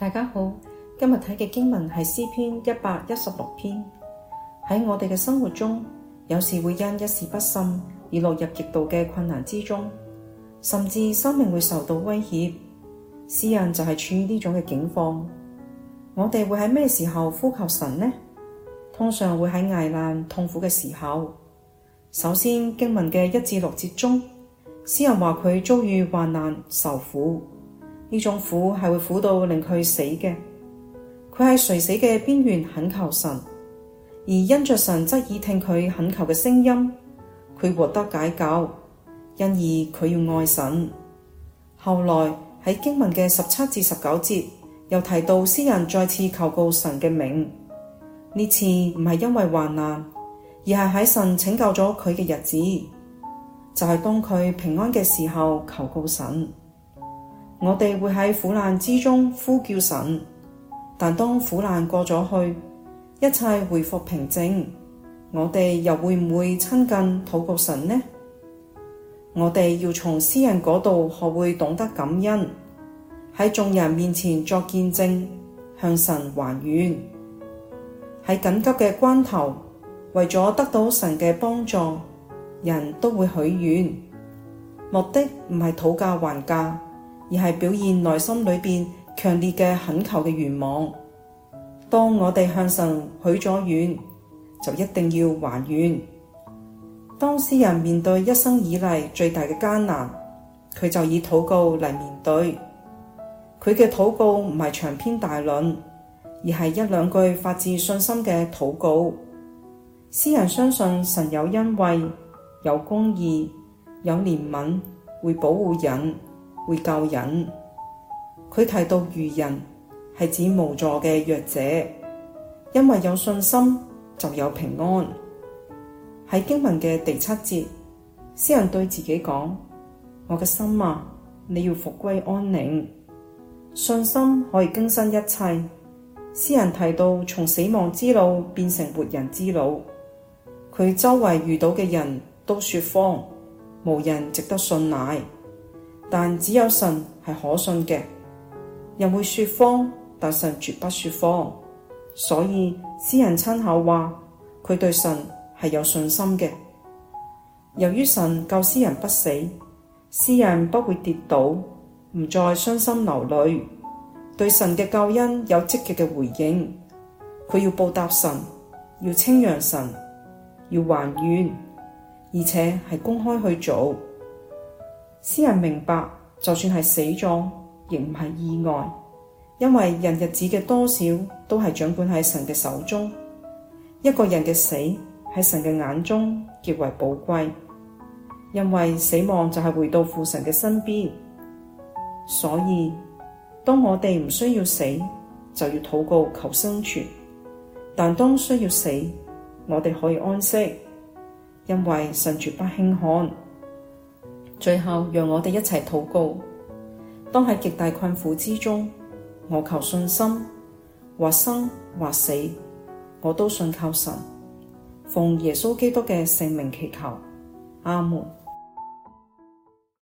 大家好，今日睇嘅經文係詩篇一百一十六篇。喺我哋嘅生活中，有時會因一事不慎而落入極度嘅困難之中，甚至生命會受到威脅。詩人就係處於呢種嘅境況。我哋會喺咩時候呼求神呢？通常會喺危難、痛苦嘅時候。首先，經文嘅一至六節中，詩人話佢遭遇患難、受苦。呢種苦係會苦到令佢死嘅，佢喺垂死嘅邊緣懇求神，而因着神側耳聽佢懇求嘅聲音，佢獲得解救，因而佢要愛神。後來喺經文嘅十七至十九節，又提到詩人再次求告神嘅名，呢次唔係因為患難，而係喺神拯救咗佢嘅日子，就係當佢平安嘅時候求告神。我哋會喺苦難之中呼叫神，但當苦難過咗去，一切恢復平靜，我哋又會唔會親近禱告神呢？我哋要從詩人嗰度學會懂得感恩，喺眾人面前作見證，向神還願。喺緊急嘅關頭，為咗得到神嘅幫助，人都會許願，目的唔係討價還價。而係表現內心裏邊強烈嘅懇求嘅願望。當我哋向神許咗願，就一定要還願。當詩人面對一生以嚟最大嘅艱難，佢就以禱告嚟面對。佢嘅禱告唔係長篇大論，而係一兩句發自信心嘅禱告。詩人相信神有恩惠、有公義、有憐憫，會保護人。會救人。佢提到愚人係指無助嘅弱者，因為有信心就有平安。喺經文嘅第七節，詩人對自己講：我嘅心啊，你要復歸安寧。信心可以更新一切。詩人提到從死亡之路變成活人之路。佢周圍遇到嘅人都說謊，無人值得信賴。但只有神係可信嘅，人會說謊，但神絕不說謊。所以詩人親口話，佢對神係有信心嘅。由於神救詩人不死，詩人不會跌倒，唔再傷心流淚，對神嘅救恩有積極嘅回應。佢要報答神，要稱揚神，要還願，而且係公開去做。詩人明白，就算係死咗，亦唔係意外，因為人日子嘅多少都係掌管喺神嘅手中。一個人嘅死喺神嘅眼中極為寶貴，因為死亡就係回到父神嘅身邊。所以，當我哋唔需要死，就要禱告求生存；但當需要死，我哋可以安息，因為神絕不輕看。最後，讓我哋一齊禱告。當喺極大困苦之中，我求信心，或生或死，我都信靠神。奉耶穌基督嘅聖名祈求，阿門。